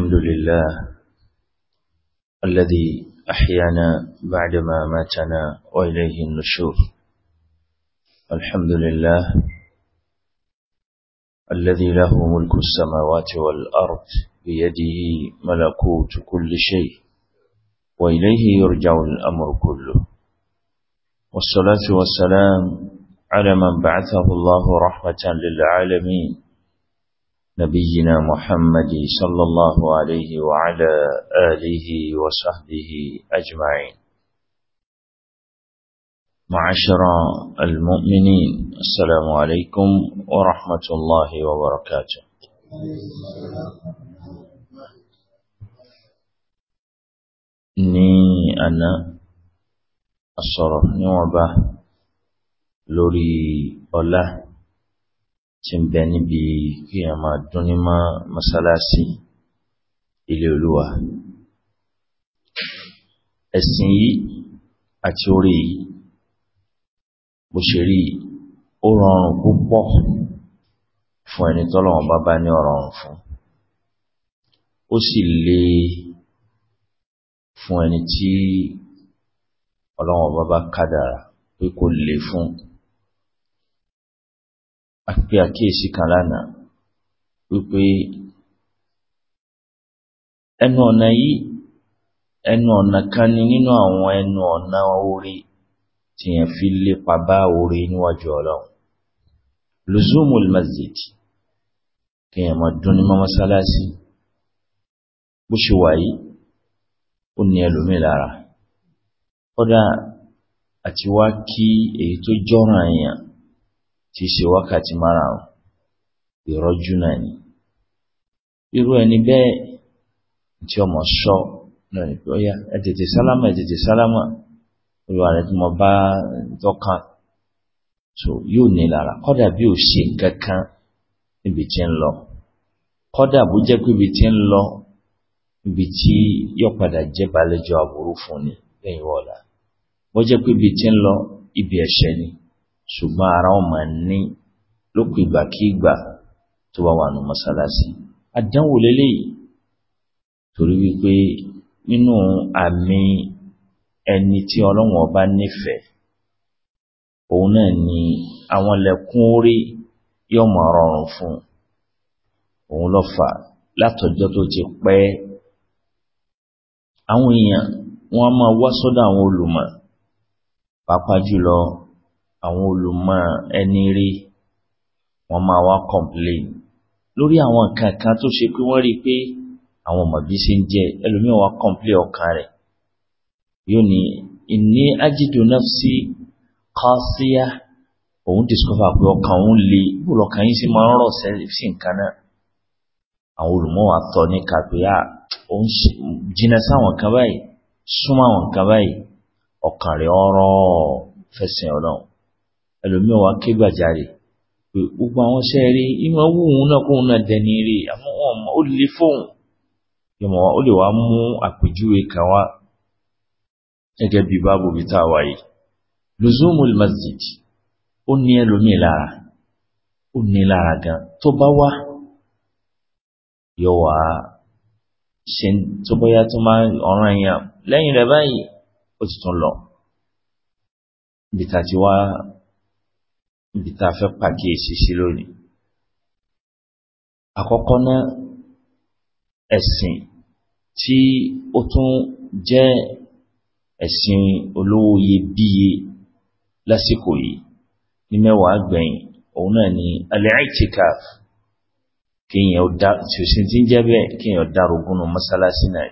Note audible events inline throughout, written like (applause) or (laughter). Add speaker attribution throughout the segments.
Speaker 1: الحمد لله الذي أحيانا بعدما ماتنا وإليه النشور الحمد لله الذي له ملك السماوات والأرض بيده ملكوت كل شيء وإليه يرجع الأمر كله والصلاة والسلام على من بعثه الله رحمة للعالمين نبينا محمد صلى الله عليه وعلى آله وصحبه أجمعين معشر المؤمنين السلام عليكم ورحمة الله وبركاته ني أنا الصرف نوبة لولي الله tí ń bẹ níbi kí a máa dún ní má mọ́sálásí ilé olúwa ẹ̀sìn yìí àti orí bó ṣe rí ó rọrùn púpọ̀ fún ẹni tọ́lọ́wọ́n bá bá ní ọ̀rọ̀rùn fún ó sì le fún ẹni tí ọlọ́wọ́n bá bá kádàrá pé kò le fún un àpè àkíyèsí kan lánàá wípé ẹnu ọ̀nà yìí ẹnu ọ̀nà kan ni nínú àwọn ẹnu ọ̀nà orí tí yẹn fi lépa bá orí níwájú ọlọ́run luzumul masjid kí yẹn máa dún ní mọ́mọ́sálásí bó ṣe wà yìí ó ní ẹlòmíì lára kódà àti wá kí èyí tó jọ́ràn èèyàn ti wakati mara o iroju na ni iru eni be ti na ni o ya e tete salama e tete salama o wa le mo so yo ni lara koda bi o se kankan ibi ti n lo koda bo je ibi ti n lo ibi ti yo pada je aburu fun ni eyin wola bo je ibi ti n ibi ese ṣùgbọ́n ara ọmọ ní lókù ìgbàkígbà tó bá wà nù mọ́sálásí àdánwò lélẹ́yìí torí wípé nínú àmì ẹni tí ọlọ́run ọba nífẹ̀ẹ́ òun náà ni àwọn lẹ́kún orí yóò mọ̀ rọrùn fún òun lọ fà látọjọ́ tó ti pẹ́ àwọn èèyàn wọn máa wá sọ́dọ̀ àwọn olùmọ̀ pàápàá jùlọ àwọn olùmọ̀ ẹni rí wọ́n máa wá complain lórí àwọn nǹkan kan tó ṣe pé wọ́n rí pé àwọn mọ̀bí ṣe ń jẹ ẹlòmíì wá complain ọkàn rẹ̀ yóò ní inni ajidu nafsi qasiya òun discover pé ọkàn òun le bó lọkàn yín sì máa ń rọ̀ sí nǹkan náà àwọn olùmọ̀ wa tọ́ ní kàpẹ́yà òun jìnnà sáwọn kan báyìí súnmọ́ àwọn kan báyìí ọkàn rẹ̀ ọ̀rọ̀ fẹsẹ̀ ọlọ́run ẹlòmíì wa ké gbàjarè pé gbogbo àwọn ṣẹ́ rí ìmọ̀ wù òun náà kóun náà dẹni rí àmọ́ wọn mọ̀ ó lè fóun ìmọ̀ ó lè wá mú àpèjúwe kan wá gẹ́gẹ́ bí báàbò bí tá a wà yìí luzumul masjid ó ní ẹlòmíì lára ó ní lára gan tó bá wá yọ ṣe tó bóyá tó máa ọ̀ràn èèyàn lẹ́yìn rẹ̀ báyìí ó ti tún lọ ibi tá a ti wá níbi tá a fẹ́ pàkíyèsí sí lónìí. Àkọ́kọ́ náà, ẹ̀sìn tí ó tún jẹ́ ẹ̀sìn olówó iyebíye lásìkò yìí ní mẹ́wàá gbẹ̀yìn, òun náà ni al-i'tikaf kéèyàn dá ṣòṣin tí ń jẹ́ bẹ́ẹ̀ kéèyàn dárogúnnú mọ́sálásí náà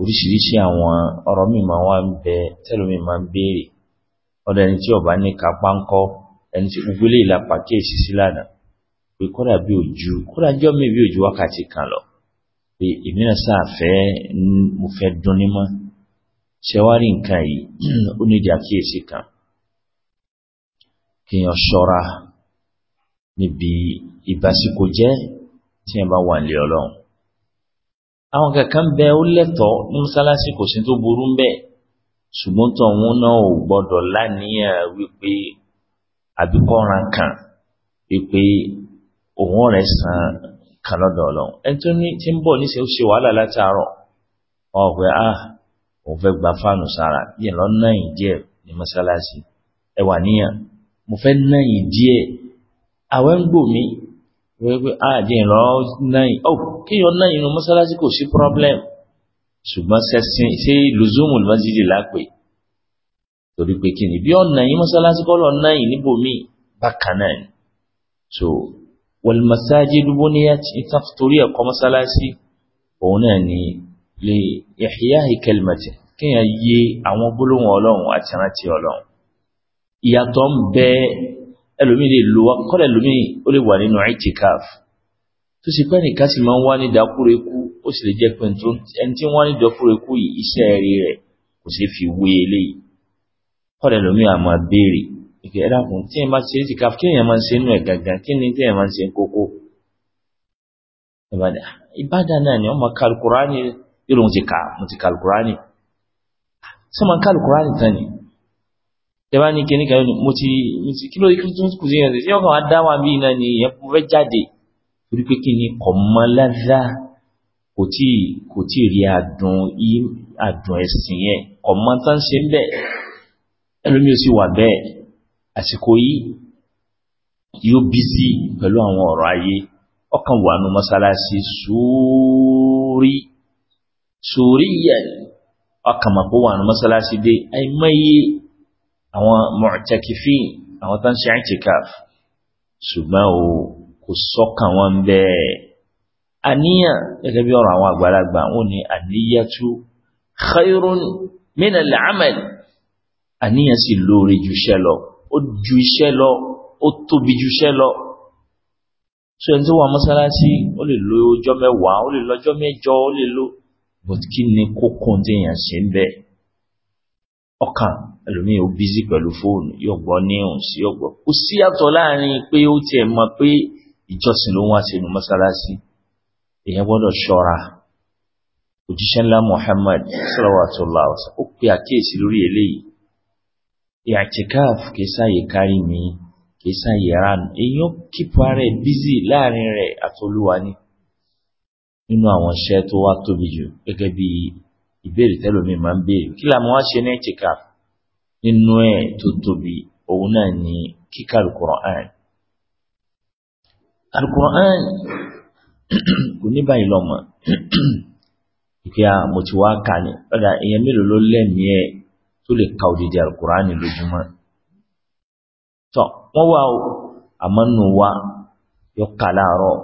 Speaker 1: oríṣiríṣi àwọn ọ̀rọ̀ míì wá ń bẹ tẹ́lómi máa ń béèrè ọ̀dọ̀ tí ó ní kápá ńkọ́ ẹni tí gbogbo lè la pàkíyèsí sí lánàá pé kódà bí òjú kódà jọ́ mi bí òjú wákàtí kan lọ pé èmi náà sáàfẹ́ mo fẹ́ dún ní mọ́ ṣẹwárí nǹkan yìí ó nídìí àkíyèsí kan kéèyàn ṣọ́ra níbi ìbásíkò jẹ́ tí ẹ bá wà lé ọlọ́run àwọn kankan bẹ ó lẹ́tọ̀ọ́ ní mọ́sálásí kò sí tó burú ń bẹ ṣùgbọ́n tó àwọn náà ò gbọ́dọ̀ láníyàn wípé àbí kọ́ran kan wípé òun rẹ̀ san kan lọ́dọ̀ ọlọ́run ẹni tó ní tí ń bọ̀ níṣẹ́ ó ṣe wàhálà látàárọ̀ ọ̀pẹ́ à ah, òun fẹ́ gba fáànù sára yìí lọ náyìn díẹ̀ ní mọ́sálásí ẹwà níyàn mo fẹ́ náyìn díẹ̀ àwẹ́ ń gbò mí wípé àjẹ́ ìlọ náyìn ó kéèyàn ah, náyìn inú mọ́sálásí kò sí problem ṣùgbọ́n sẹ́sìn ṣé lùzúmù lọ́sídìí lápè torí pé kí ni bí ọ̀nà yìí mọ́sálásí kọ́lọ̀ náà yìí níbò míì bákan náà ni so wal masajidu buniyat ìtàn torí ẹ̀kọ́ mọ́sálásí òun náà ni lè ihya'i kalimati kéèyàn yé àwọn gbólóhùn ọlọ́run àti rántí ọlọ́run ìyàtọ̀ ń bẹ ẹlòmíì lè lo kọ́lẹ̀ ẹlòmíì ó lè wà nínú itikaf tó sì pẹ́ nìkan sì máa ń wá ní ìdákúrekú ó sì lè jẹ́ pé ẹni tí ń wá ní ìdákúrekú yìí iṣẹ́ rẹ̀ kò sí fi wé eléyìí kọ́lẹ̀ lómi àmọ́ béèrè ìkẹ́ ẹ̀dá kùn tí ẹ̀ máa ṣe ti ká kí èèyàn máa ṣe inú ẹ̀ gangan kí ni tí èèyàn máa ṣe kókó. Ah, ìbádà náà ni ọmọ kalukurani irú mo ti kà mo ti kalukurani ah, ṣé ọmọ kalukurani tán ni tẹ́bá ní kíní kan mo ti mo ti kí ló kí tó kù sí yẹn sí ọkàn wa dá wa bí iná ni ìyẹn mo fẹ́ jáde torí pé kí ni kọ̀mọ́ládá kò tí kò tí rí adùn ẹ̀sìn yẹn kọ̀mọ́ tán ṣe bẹ́ẹ̀ ẹlòmí ó sì wà bẹ́ẹ̀ àsìkò yìí yóò bí sí pẹ̀lú àwọn ọ̀rọ̀ ayé ọkàn wà nù mọ́sálásí sórí sórí yẹ ọkàn mà kó wà nù mọ́sálásí dé àìmọye àwọn mọ̀tẹ́kìfì àwọn tó ń ṣe àìtìkáf ṣùgbọ́n o kò sọ́kàn wọn bẹ́ẹ̀ àníyàn gẹ́gẹ́ bí ọ̀rọ̀ àwọn àgbàlagbà wọn ni àníyàtú khairun min al àníyàn sì lóore ju iṣẹ́ lọ ó ju iṣẹ́ lọ ó tóbi ju iṣẹ́ lọ so ẹni tó wà mọ́sálásí ó lè lo ọjọ́ mẹ́wàá ó lè lo ọjọ́ mẹ́jọ ó lè lo but kí ni kókó téèyàn ṣe ń bẹ́ẹ̀ ọkàn ẹlòmíì ó bízí pẹ̀lú fóònù yóò gbọ́ ní òun sí yóò gbọ́ kò sí yàtọ̀ láàrin pé ó tiẹ̀ mọ̀ pé ìjọsìn ló wá sínú mọ́sálásí èèyàn gbọ́dọ̀ ṣọ́ra òjíṣẹ́ ńlá Muhammad sallallahu alaihi wasallam ó pe àkíyèsí lórí eléyìí ìyàtìkáf kìí sáyè kárí mi kìí sáyè ránù èèyàn kípa rẹ̀ bízì láàrin rẹ̀ àtolúwa ni nínú àwọn iṣẹ́ tó wá tóbi jù gẹ́gẹ́ bí ìbéèrè tẹ́lómi máa ń béèrè kí làwọn wá ṣe ní ìyàtìkáf nínú ẹ̀ tó tóbi òun náà ni kíkà alukur'an alukur'an (clears throat) kò ní báyìí lọ́mọ (clears throat) ìpè à mo ti wá kà ní ọ̀dà èèyàn mélòó ló lẹ́mìí ẹ̀ tó lè ka òdìdí alukur'ani lójúmọ́ tọ́ wọ́n wá o àmọ́ nù wá yóò kà láàárọ̀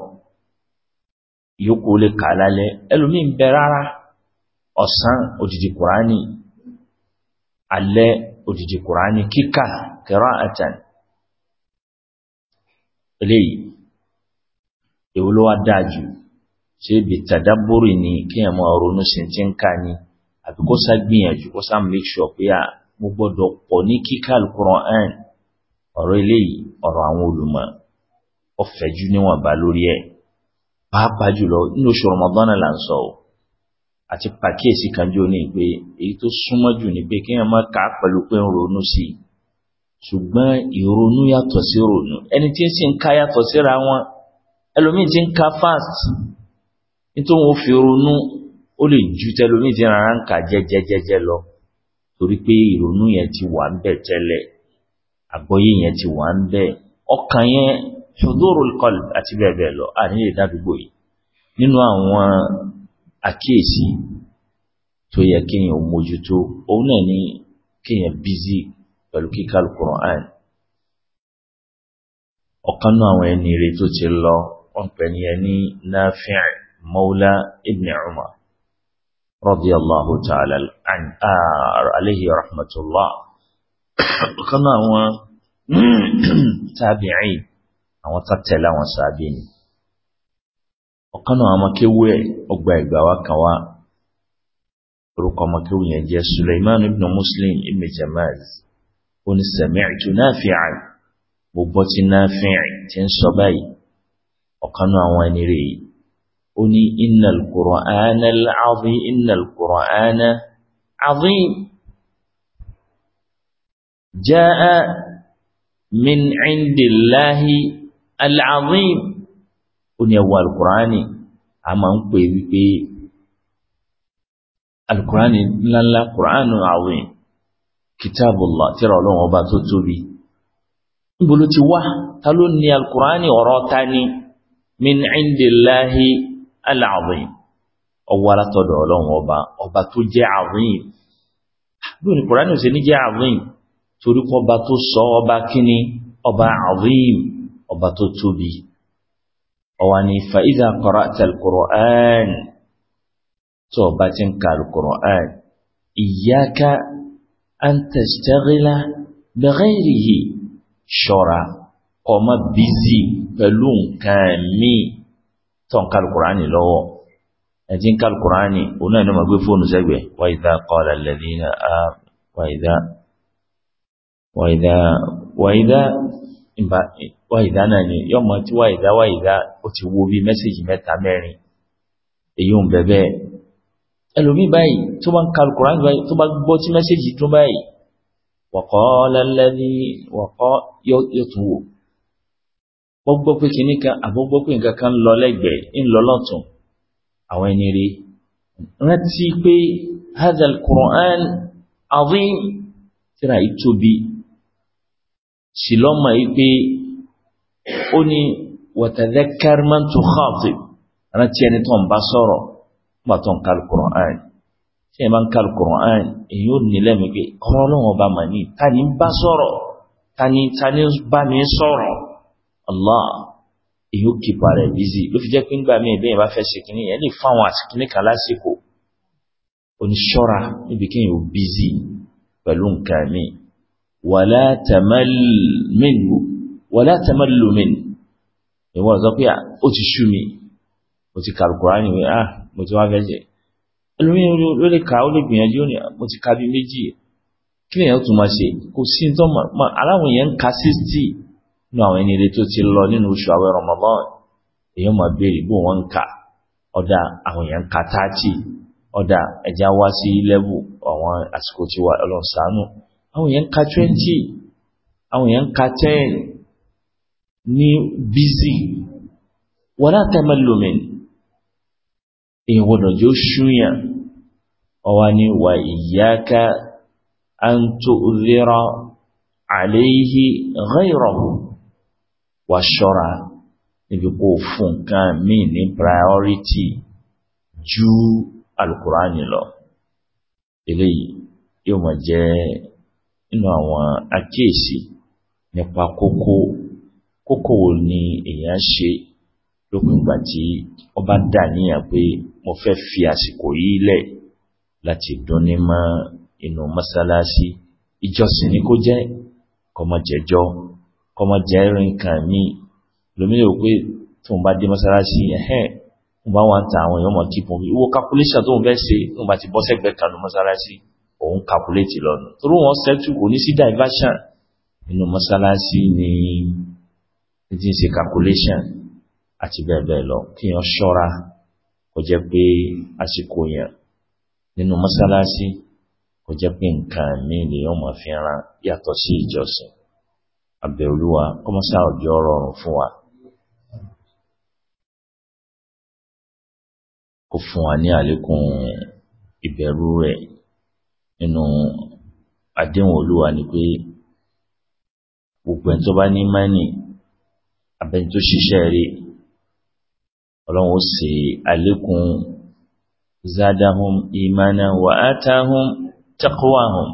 Speaker 1: yòókù lè kà lálẹ́ ẹlòmíín bẹ rárá ọ̀sán òdìdí kur'ani alẹ́ òdìdí kur'ani kíkà qira'atan eléyìí èwo ló wá dáa jù ṣé ibi tàdábùrì ni kéèyàn máa ronú sí ti ń kà ni àbí kó sá gbìyànjú kó sá make sure pé à ah, mo gbọ́dọ̀ pọ̀ ní kíkà alukur'an ọ̀rọ̀ eléyìí ọ̀rọ̀ àwọn olùmọ̀ ọ̀fẹ́jú níwọ̀nba lórí ẹ̀ pàápàá jùlọ nínú oṣù Ramadan là ń sọ ọ́ àti pàkíyèsí kan jọ ní pé èyí tó súnmọ́ jù ní pé kéèyàn má kà á pẹ̀lú pé ń ronú sí i ṣùgbọ́n ìrònú yàtọ̀ sí ronú ẹni tí ń sì ń ka yàtọ̀ síra wọn ẹlòmíì ti ń ka fast nítorí wọn ò fi ronú ó lè ju tẹlomi ti rárá ń kà jẹ́jẹ́jẹ́jẹ́ lọ torí pé ìrònú yẹn ti wà ń bẹ̀ tẹ́lẹ̀ àgbọ́yé yẹn ti wà ń bẹ̀ ọkàn yẹn hudurul qalb àti bẹ́ẹ̀ bẹ́ẹ̀ lọ à nílé dádúgbò yìí nínú àwọn àkíyèsí tó yẹ kéèyàn mójútó òun náà ni kéèyàn bízí pẹ̀lú kíkà alukur'an ọ̀kan náà àwọn ẹni rẹ̀ tó ti lọ wọ́n pè ní ẹni Nafi' Mawla Ibn Umar radiyallahu ta'ala ah, alayhi rahmatullah kan àwọn (clears throat) tabi'in àwọn tàtẹ̀lé àwọn sàábì ni ọ̀kan náà àwọn akéwú ẹ̀ ọgbà ìgbà wa kan wá orúkọ ọmọ akéwú yẹn jẹ́ Suleiman ibn Muslim ibn Jamaz ó sami'tu Nafi'an mo gbọ́ tí Nafi' ti ń sọ báyìí ọ̀kan àwọn ẹni rèé ó ní innal Qur'ana al-azim innal Qur'ana azim jaa min indillahi al-azim ó ní ẹwà al-Qur'ani a máa ń pè wípé al-Qur'ani ńláńlá Qur'anu azim kitabullah tírà ọlọ́run ọba tó tóbi níbo ló ti wá ta ló ní al ọ̀rọ̀ ta ni min indillahi al-azim ọwọ́ alátọ̀dọ̀ ọlọ́run ọba ọba tó jẹ́ azim lórí kùránì òsè ní jẹ́ azim torí kọ́ ọba tó sọ ọba kíni ọba azim ọba tó tóbi ọwọ́ ni fa idha qara'ta al tó ọba ti ń ka al-Qur'an iyyaka an tastaghila bi ṣọ́ra kọ́ ma pẹ̀lú nǹkan míì tọ́n kálukùránì lọ́wọ́ ẹ̀tí ń kálukùránì òun náà ni ma gbé fóònù sẹ́gbẹ̀ wa idha qala alladhina wa idha wa idha wa idha wa idha náà ni yọ́ mọ̀ tí wa idha wa idha ó ti wo bí mẹ́sẹ̀jì mẹ́ta mẹ́rin èyí ń bẹ̀bẹ̀ ẹlòmí báyìí tó bá ń kálukùránì báyìí tó bá gbọ́ tí mẹ́sẹ̀jì dún báyìí wa qala alladhi yóò tún wò wọ́n gbọ́ pé kinní kan àbọ̀ gbọ́ pé nǹkan kan ń lọ lẹ́gbẹ̀ẹ́ ń lọ lọ́tún àwọn ẹni rí rántí pé hadal Qur'an azim tíra ìtóbi sì lọ́mọ yìí pé ó ní watadhakkar man tukhatib rántí ẹni tó ń bá sọ̀rọ̀ nígbà tó ń ka Qur'an tí ẹ máa ń ka Qur'an èyí ò ní lẹ́mìí pé ọlọ́run ọba mà ní tani ni ń bá sọ̀rọ̀ ta ni bá mi sọ̀rọ̀. Allah èyí ó kìpa rẹ̀ bízì ló fi jẹ́ pé ńgbà míì bẹ́ẹ̀ bá fẹ́ ṣe kínní ẹ̀ lè fáwọn àṣìkínní kan lásìkò oníṣọ́ra níbi kí èyí ó bízì pẹ̀lú nǹkan míì wàlá tàmálùmínú wàlá tàmálùmínú ìwọ̀n sọ pé ah, ó ti ṣú mi mo ti ka alukurani wẹ̀ ah mo ti wá fẹ́ ṣe ẹlòmíì ló lè ka ó lè gbìyànjú ó ní ah, mo ti ka bí méjì kí lèyàn tún máa ṣe kò sí ní aláwọ̀ yẹn ń ka sixty ní àwọn ẹni rẹ tó ti lọ nínú oṣù àwẹ̀ Ramadan èèyàn máa béèrè bó wọn ń kà ọdà àwọn èèyàn ń ka táàtì ọdà ẹja wá sí lẹ́bù àwọn àsìkò tí wà ọlọ́sàánù àwọn èèyàn ń ka twenty àwọn èèyàn ń ka ten ní bízì wọ́n láti ẹ̀mọ́ lómìn èèyàn gbọ́dọ̀ jẹ́ ó ṣúyàn ọwá ní wà iyyaka an tu'dhira alayhi ghayrahu wá ṣọ́ra níbi kó fún nǹkan míì ní priority ju alukurani lọ eléyìí yóò máa jẹ́ nínú àwọn àkíyèsí nípa kókó kókó wo ni èèyàn ṣe lópin ìgbà tí ó bá dà níyàn pé mo fẹ́ fi àsìkò yìí lẹ̀ láti dúnni mọ́ inú mọ́sálásí ìjọsìn ni kó jẹ́ kọmọjẹjọ́ kọmọ jẹ́ rìn kan mí lómi rò pé tóun bá dé mọ́sálásí ẹ̀hẹ́n òun bá wà ń ta àwọn èèyàn mọ̀ kíkún bí owó calculation tóun fẹ́ ṣe tóun bá ti bọ́ sẹ́gbẹ̀ẹ́ kan ní òun calculate lọ́nà torí wọn ṣẹ́tù kò ní sí diversion nínú mọ́sálásí ni ti ń ṣe calculation àti bẹ́ẹ̀ bẹ́ẹ̀ lọ kí èèyàn ṣọ́ra kò jẹ́ pé àsìkò yẹn nínú mọ́sálásí kò jẹ́ pé nǹkan míì lèèyàn mọ̀ fi ran yàtọ̀ sí ìjọsìn àbẹ̀olúwa kọmọ́sá ọjọ́ rọrùn fún wa kó fún wa ní àlékún ìbẹ̀rù rẹ̀ nínú àdéhùn olúwa ni pé gbogbo ẹ̀ tó bá ní mẹ́nì abẹ́ni tó ṣiṣẹ́ rí ọlọ́run ó ṣe àlékún zadahum imana wa atahum taqwahum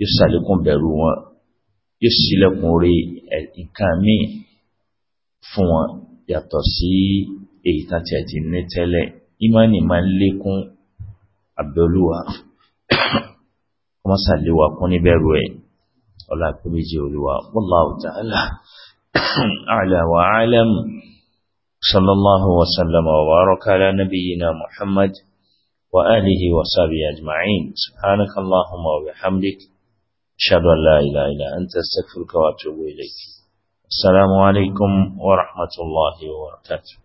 Speaker 1: yóò ṣàlékún bẹ̀rù wọn yóò sílẹ̀kùn orí nǹkan míì fún wọn yàtọ̀ sí èyí tán ti ẹ̀jì ní tẹ́lẹ̀ ìmánì máa ń lékún àbẹ̀olúwa wọ́n sàléwà kún níbẹ̀rù ẹ̀ ọlá àpéméjì olúwa wallahu ta'ala a'la wa a'lam sallallahu wa sallama wa baraka nabiyyina muhammad wa alihi wa sahbihi ajma'in subhanakallahumma wa bihamdik أشهد أن لا إله إلا أنت أستغفرك وأتوب إليك السلام عليكم ورحمة الله وبركاته